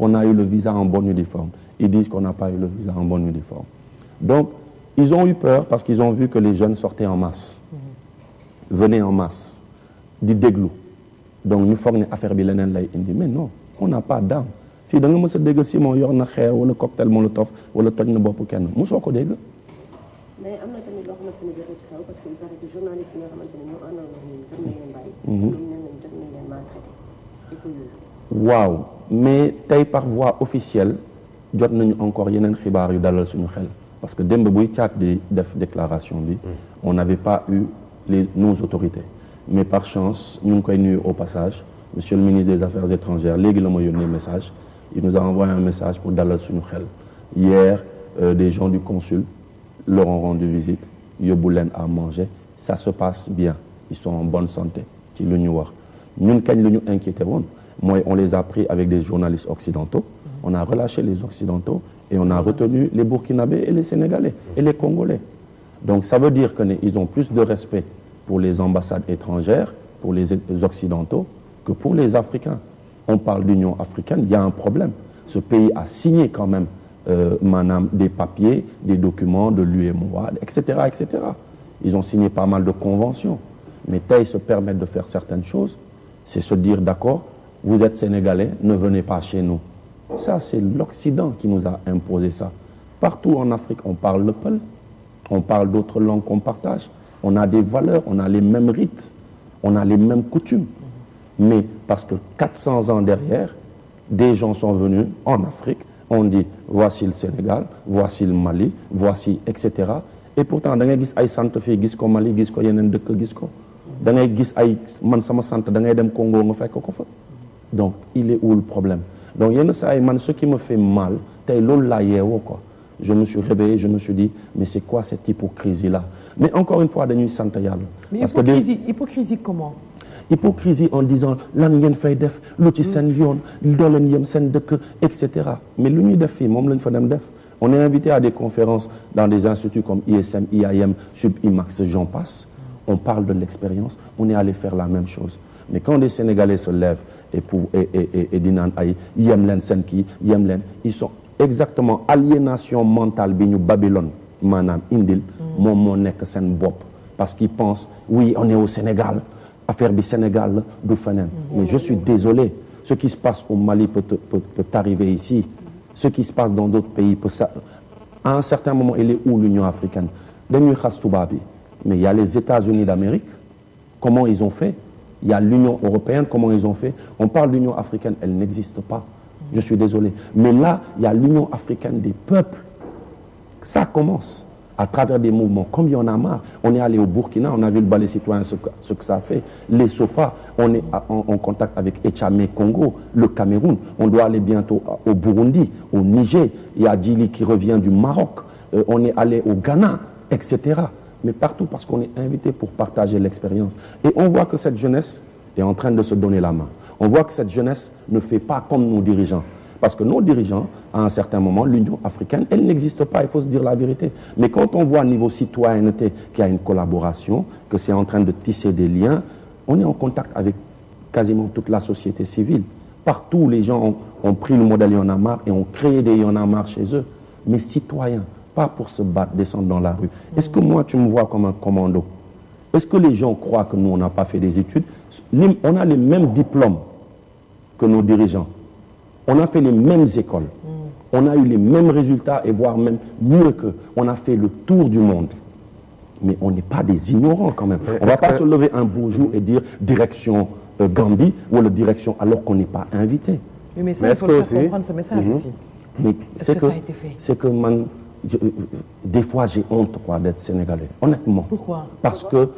qu'on a eu le visa en bon uniforme. Ils disent qu'on n'a pas eu le visa en bon uniforme. Donc, ils ont eu peur parce qu'ils ont vu que les jeunes sortaient en masse, mhm. venaient en masse, du déglou. Donc, nous affaire mais non on n'a pas d'âme cocktail molotov waaw mais par voie officielle jot nañu encore yeneen xibaar yu dalal suñu xel parce que dès buy caat di def déclaration mm. on n'avait pas eu les nos autorités mais par chance nous avons eu au passage monsieur le ministre des affaires étrangères message il nous a envoyé un message pour dalal suñu xel hier euh, des gens du consul leur ont rendu visite ils ont à manger ça se passe bien ils sont en bonne santé Nous lu ñu wax ñun moi, on les a pris avec des journalistes occidentaux. On a relâché les occidentaux et on a retenu les Burkinabés et les Sénégalais et les Congolais. Donc ça veut dire qu'ils ont plus de respect pour les ambassades étrangères, pour les occidentaux, que pour les Africains. On parle d'Union africaine, il y a un problème. Ce pays a signé quand même euh, des papiers, des documents de l'UMOA, etc., etc. Ils ont signé pas mal de conventions. Mais ils se permettent de faire certaines choses, c'est se dire d'accord, vous êtes sénégalais, ne venez pas chez nous. Ça, c'est l'Occident qui nous a imposé ça. Partout en Afrique, on parle le peuple, on parle d'autres langues qu'on partage, on a des valeurs, on a les mêmes rites, on a les mêmes coutumes. Mais parce que 400 ans derrière, des gens sont venus en Afrique, on dit voici le Sénégal, voici le Mali, voici, etc. Et pourtant, Mali Congo donc il est où le problème donc ce qui me fait mal c'est je me suis réveillé je me suis dit mais c'est quoi cette hypocrisie là mais encore une fois de nuit hypocrisie hypocrisie comment. hypocrisie en disant lan fait fay def lu ci s'en déf, mm. doo yem fait mais l'unie de def fii la on est invité à des conférences dans des instituts comme ISM IAM Subimax j'en passe on parle de l'expérience on est allé faire la même chose mais quand des Sénégalais se lèvent et, pour, et, et, et ay yem ils sont exactement aliénation mentale bi Babylone indil parce qu'ils pensent oui on est au Sénégal affaire bi Sénégal du mais je suis désolé ce qui se passe au Mali peut, peut, arriver ici ce qui se passe dans d'autres pays peut ça à un certain moment il est où l'Union africaine mais il y a les États-Unis d'Amérique comment ils ont fait il y a l'Union européenne, comment ils ont fait. On parle d'Union africaine, elle n'existe pas. Je suis désolé. Mais là, il y a l'Union africaine des peuples. Ça commence à travers des mouvements. Comme il y en a marre, on est allé au Burkina, on a vu le balai citoyen, ce que, ce que ça fait. Les sofas, on est en, contact avec Echame Congo, le Cameroun. On doit aller bientôt au Burundi, au Niger. Il y a Djili qui revient du Maroc. Euh, on est allé au Ghana, etc mais partout parce qu'on est invité pour partager l'expérience. Et on voit que cette jeunesse est en train de se donner la main. On voit que cette jeunesse ne fait pas comme nos dirigeants. Parce que nos dirigeants, à un certain moment, l'Union africaine, elle n'existe pas, il faut se dire la vérité. Mais quand on voit au niveau citoyenneté qu'il y a une collaboration, que c'est en train de tisser des liens, on est en contact avec quasiment toute la société civile. Partout, les gens ont, pris le modèle Yonamar et ont créé des Yonamar chez eux. Mais citoyens, pour se battre, descendre dans la rue. Est-ce que moi, tu me vois comme un commando Est-ce que les gens croient que nous, on n'a pas fait des études On a les mêmes diplômes que nos dirigeants. On a fait les mêmes écoles. Mm. On a eu les mêmes résultats et voire même mieux que. On a fait le tour du monde. Mais on n'est pas des ignorants quand même. On ne va pas se lever un beau jour et dire direction Gambi euh, Gambie ou la direction alors qu'on n'est pas invité. mais ça, il faut faire comprendre ce message mhm. C'est -ce que, ça a été fait C'est que euh, euh, des fois, j'ai honte d'être sénégalais, honnêtement. Pourquoi Parce que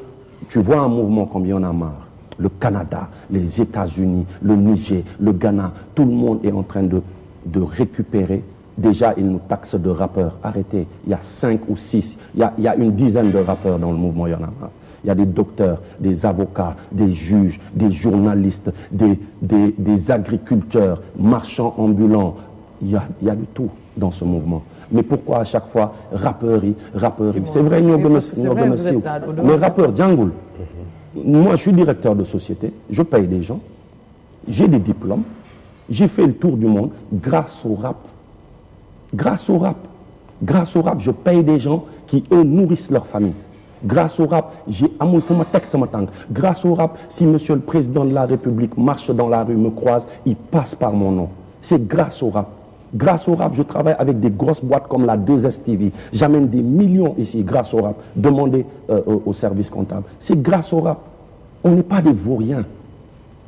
tu vois un mouvement comme il en a marre. Le Canada, les États-Unis, le Niger, le Ghana, tout le monde est en train de, de récupérer. Déjà, ils nous taxent de rappeurs. Arrêtez, il y a cinq ou six, il y a, une dizaine de rappeurs dans le mouvement il y en a marre. Il y a des docteurs, des avocats, des juges, des journalistes, des, des agriculteurs, marchands ambulants, il y a, du tout dans ce mouvement. Mais pourquoi à chaque fois rappeurie, rappeurie C'est vrai, nous Mais rappeur, Djangoul, moi je suis directeur de société, je paye des gens, j'ai des diplômes, j'ai fait le tour du monde grâce au rap. Grâce au rap. Grâce au rap, je paye des gens qui, eux, nourrissent leur famille. Grâce au rap, j'ai texte ma Grâce au rap, si monsieur le président de la République marche dans la rue, me croise, il passe par mon nom. C'est grâce au rap. Grâce au rap, je travaille avec des grosses boîtes comme la 2STV. J'amène des millions ici grâce au rap. Demandez euh, au service comptable. C'est grâce au rap. On n'est pas des vauriens.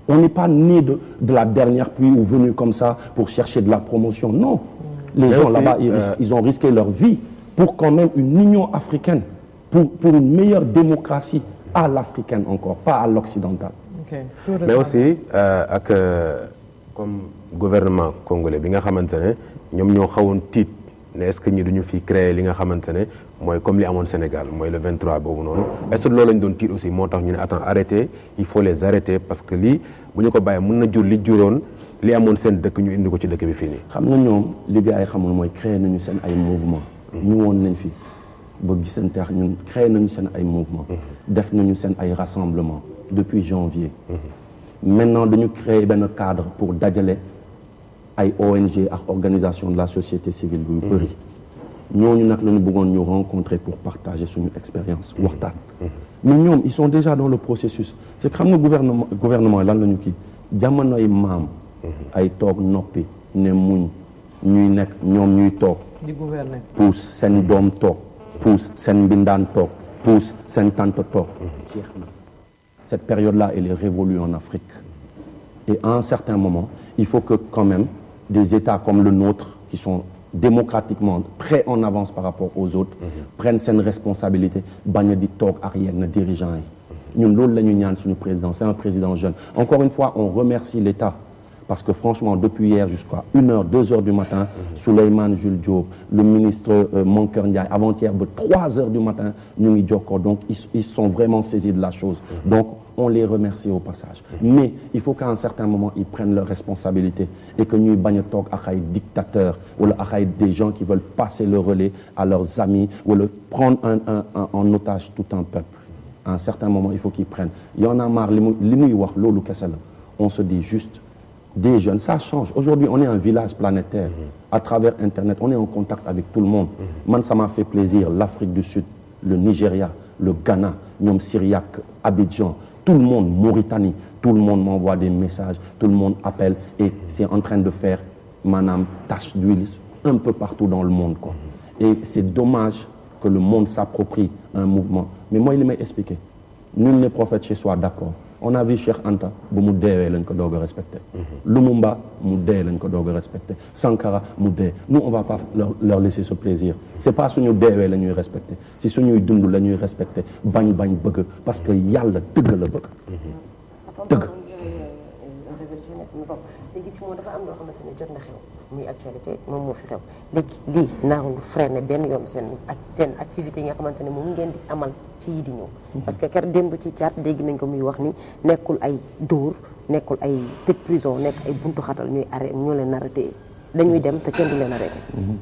On n'est pas né de, la dernière pluie ou venu comme ça pour chercher de la promotion. Non. Les gens là-bas, euh, ils, ont risqué leur vie pour quand même une union africaine, pour, une meilleure démocratie à l'africaine encore, pas à l'occidentale. Mais aussi, euh, avec comme gouvernement congolais bi nga xamante ñom ñoo xawon tiit ne est-ce que ñi duñu fi créer li nga xamante moy comme li amone Sénégal moy le 23 bobu non est-ce que loolu lañ doon tiit aussi motax ñu ne attends il faut les arrêter parce que li buñu ko baye mëna na jur li juron li amone sen dëkk ñu indi ko ci dëkk bi fini xam nga ñom li gars yi xamul moy créer nañu sen ay mouvement ñu won nañ fi ba gisante ak ñun créer nañu sen ay mouvement mm-hmm. def nañu sen ay rassemblement depuis janvier mm-hmm maintenant nous créer un cadre pour les ONG les organisation de la société civile Nous Nous, rencontrer pour partager notre expérience mmh. Mmh. mais ils sont déjà dans le processus c'est gouvernement gouvernement nous nous, nous, nous nous gouverner pousse pousse cette période-là, elle est révolue en Afrique. Et à un certain moment, il faut que quand même des États comme le nôtre, qui sont démocratiquement prêts en avance par rapport aux autres, mhm. prennent cette responsabilité dirigeants président c'est un président jeune encore une fois on remercie l'État parce que franchement, depuis hier jusqu'à 1h, 2h du matin, mhm. Souleymane Jules Diop, le ministre euh, Monker Ndiaye, avant-hier, 3h du matin, nous Djoko. Donc, ils, sont vraiment saisis de la chose. Mhm. Donc, on les remercie au passage. Mhm. Mais il faut qu'à un certain moment, ils prennent leurs responsabilités et que nous, Bagnotok, des dictateurs ou des gens qui veulent passer le relais à leurs amis ou le prendre en, otage tout un peuple. À un certain moment, il faut qu'ils prennent. Il y en a marre, on se dit juste des jeunes. Ça change. Aujourd'hui, on est un village planétaire. Mhm. À travers Internet, on est en contact avec tout le monde. Mhm. Man, ça m'a fait plaisir. L'Afrique du Sud, le Nigeria, le Ghana, Nyom Syriac, Abidjan, tout le monde, Mauritanie, tout le monde m'envoie des messages, tout le monde appelle et mhm. c'est en train de faire, madame, tache d'huile un peu partout dans le monde. Et c'est dommage que le monde s'approprie un mouvement. Mais moi, il m'a expliqué. Nul n'est prophète chez soi, d'accord on a vu Cheikh Anta bu mu lañ ko respecté Lumumba mu lañ ko Sankara mu de. nous on va pas leur, laisser ce plaisir c'est pas suñu deewee qui respecter respecté si suñuy dund la respecter respecté bañ parce que yalla dëgg la bëgg bon léegi si dafa am loo xamante ne jot na xew muy actualité moom moo fi xew léegi lii naawul freiné benn yoon seen ak seen activité yi nga xamante ne moom ngeen di amal ci yi di ñëw. Mhm. parce que ker démb ci caat dégg nañ ko muy wax ni nekkul ay dóor nekkul ay tëj prison nekk ay buntu xatal ñuy arrêté ñoo leen arrêté dañuy dem te kenn du leen arrêté. Mhm.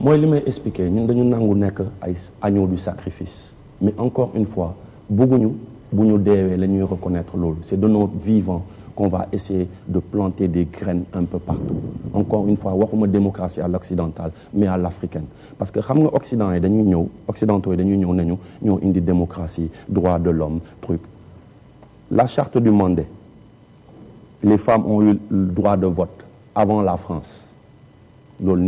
mooy li may expliquer ñun dañu nangu nekk ay agneau du sacrifice mais encore une fois bëgguñu bu ñu deewee la ñuy reconnaître loolu c'est de notre vivant qu'on va essayer de planter des graines un peu partout encore une fois une démocratie à l'occidentale mais à l'africaine parce que xam nga les occidentaux ils dañuy une nañu démocratie droit de l'homme truc la charte du monde, les femmes ont eu le droit de vote avant la France Nous,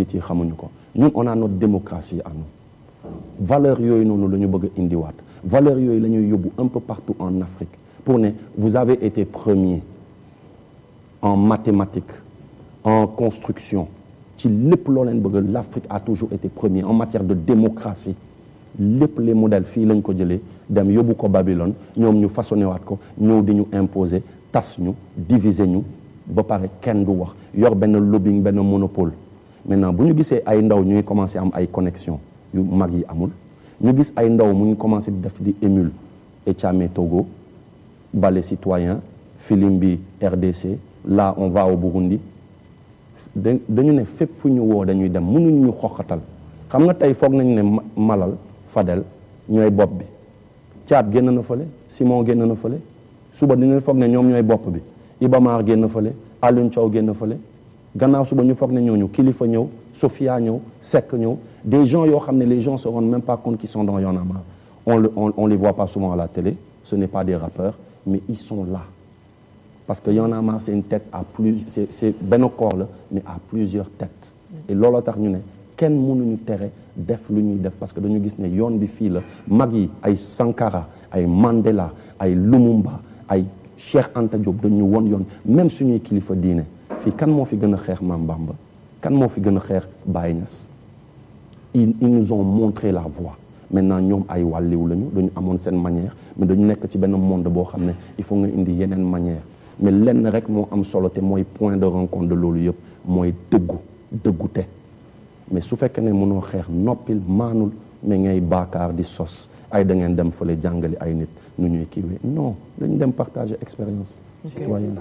on a notre démocratie à nous valeur nous valeur un peu partout en Afrique pour vous avez été premier en mathématiques en construction l'Afrique a toujours été premier en matière de démocratie les modèles fii lañ ko jëlee dem yóbbu Babylone nous ñu façonné nous ko imposé, nous avons divisé, tas avons fait ñu ba Nous avons du wax yor monopole maintenant si nous avons ay ndaw ñuy commencé à ay connexion yu mag yi amul ñu gis ay ndaw mu commencé à def di émule Togo les Citoyens, Filimbi RDC là on va au Burundi dañu ne fépp fu ñu wo dañuy dem mënuñ ñu xoxatal xam nga tay fogg nañ ne Malal Fadel ñoy bop bi Thiat génn na fële Simon génn na fële suba dinañ fogg ne ñom ñoy bop bi Ibamar génn fële Aluncho Thiaw génn fële gannaaw suba ñu fogg ne ñooñu Kilifa ñëw Sofia ñëw sek ñëw des gens yo xam les gens se rendent même pas compte qu'ils sont dans Y'en on le on on les voit pas souvent à la télé ce n'est pas des rappeurs mais ils sont là parce y en a marre c'est une tête à plus c'est c'est benn corps là, mais à plusieurs têtes et lolo tax ñu Ken mënu ñu téré def lu ñuy def parce que dañu gis né yoon bi fi la mag yi ay Sankara ay Mandela ay Lumumba ay Cheikh Anta Diop dañu won yoon même suñu kilifa diiné. Fi kan mo fi gëna xex xeex Bamba kan mo fi gëna xex xeex Baye ils nous ont montré la voie maintenant ñoom ay wàlliw lañu dañu amoon seen manière mais dañu nekk ci benn monde boo xam il faut nga indi manière mais lenn rek mo am solo té moy point de rencontre de loolu yëpp mooy dëggu dëggu mais su fekk ne mënoo xeex nopil maanul mais ngay bakar di sos ay da ngeen dem fële jàngale ay nit nu ñuy kiiwee non dañu dem partager expérience citoyenne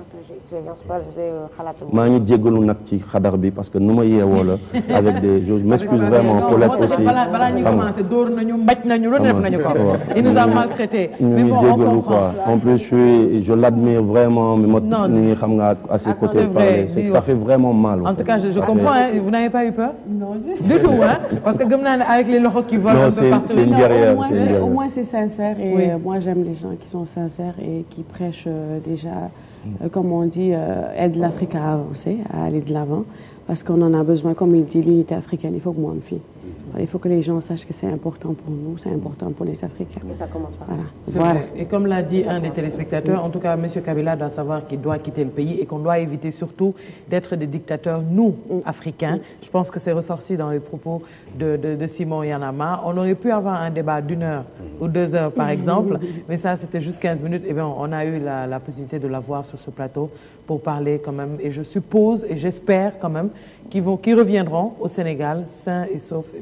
euh, maa ngi jéggalu nag ci xadar bi parce que nu ma yeewoo la avec des je m'excuse vraiment pour Paulette aussi balaa ñuy commencé dóor nañu mbaj nañu lu def nañu ko il nous a maltraité mais bon jéggalu quoi en plus je suis je l'admire vraiment mais ma ni ngi xam nga à ses ah, côtés parler c'est que ça fait vraiment mal en tout cas je comprends hein vous n'avez pas eu peur du tout hein parce que gëm naa ne avec les loxo qui volent un peu partout c'est une guerrière au moins c'est sincère et euh, moi j'aime les gens qui sont sincères et qui prêchent euh, déjà, euh, mm. comme on dit, aide l'Afrique à avancer, à aller de l'avant, parce qu'on en a besoin. Comme il dit, l'unité africaine, il faut que moi me fie. Mm il faut que les gens sachent que c'est important pour nous, c'est important pour les Africains. Et ça commence par là. Et comme l'a dit un des téléspectateurs, mm. en tout cas, M. Kabila doit savoir qu'il doit quitter le pays et qu'on doit éviter surtout d'être des dictateurs, nous, mm. Africains. Mm. Je pense que c'est ressorti dans les propos de, Simon Yanama. On aurait pu avoir un débat d'une heure ou deux heures, par exemple, mais ça, c'était juste 15 minutes. Et eh bien, on a eu la, possibilité de l'avoir sur ce plateau pour parler quand même. Et je suppose et j'espère quand même qu'ils reviendront au Sénégal sains et saufs et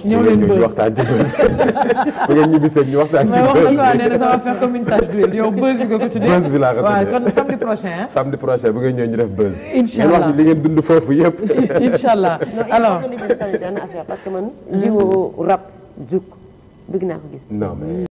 ñëw leen bës waxtaan ji bës bu ngeen ñibbisee ñu waxtaan ci bës bi waaw nee na ça va faire comme bi nga ko tuddee bës bi laa ko tuddee waaw kon samedi bu ngeen def bës. incha allah wax li ngeen dund foofu yëpp. incha allah alors affaire parce que man. jiwu hmm. rab juk bëgg naa gis. non